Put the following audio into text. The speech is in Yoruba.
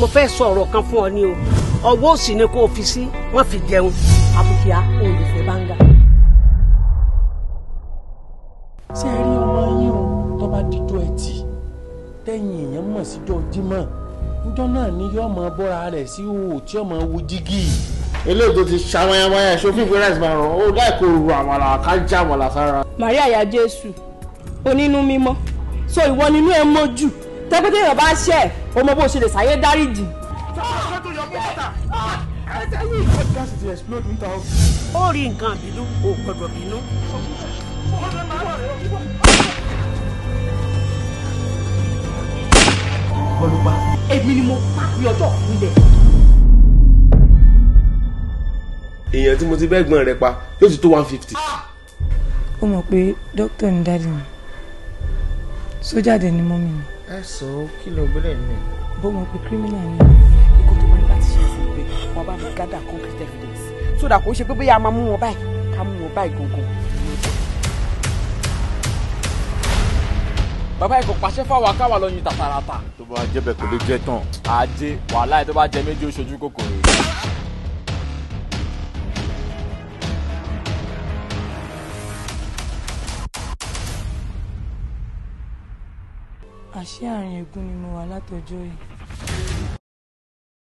mo fẹ́ sọ ọ̀rọ̀ kan fún ọ ní o ọwọ́ òsì ni kó o fi sí wọ́n fi jẹun àbùkíá olùfẹ́ báńgá. ṣé ẹ rí ọmọ yín o tó bá dídó ẹtì tẹ́yìn èèyàn mọ̀ sí dọ́jímọ̀ níjọ́ náà ni yóò mọ bọ́ra rẹ̀ sí òwò tí yóò wo jígì. eléyìí ti ṣàwáyáwáyá ṣòfin ìpínlẹ̀ ẹ̀sìn máa ràn ó láì kó ru àmàlà ká já àmàlà sára. Maria ya Jésù onínú mímọ́ so ìwọ nínú ẹ mọ́ jù tẹ́pẹ́tẹ́ èèyàn bá ṣẹ̀ o mọ bó ṣe lè ṣàyé dáríjì. ó rí nǹkan bínú kò gbọdọ̀ bínú. ọlọ́pàá èmi ni mo pàbí ọjọ́ ìpínlẹ̀. èèyàn tí mo ti bẹ́ẹ̀ gbọ́n rẹ̀ pa yóò ti tó one fifty. Ah! ó mọ̀ pé dókítà ní dáàdì mi sójà dẹ̀ ni mọ́mì mi ẹ sọ kí ló gbélé mi. bó wọn pe criminal ni ikú tó wọn ní láti ṣe sí pé wọn bá mi gádà concrete evidence so dà kó ṣe pé bóyá a máa mú wọn báyìí ká mú wọn báyìí gangan. bàbá ìkọ̀ pàṣẹ fáwọn akáwà lọ yin tàtàràtà. tó bá jẹ́ bẹ́ẹ̀ kò lè jẹ́ tán ajé wàhálà ẹ̀ tó bá jẹ méjì ó ṣojú kòkòrò yìí. àṣé àárín ẹ̀gún ni mo wà látọjọ́ yìí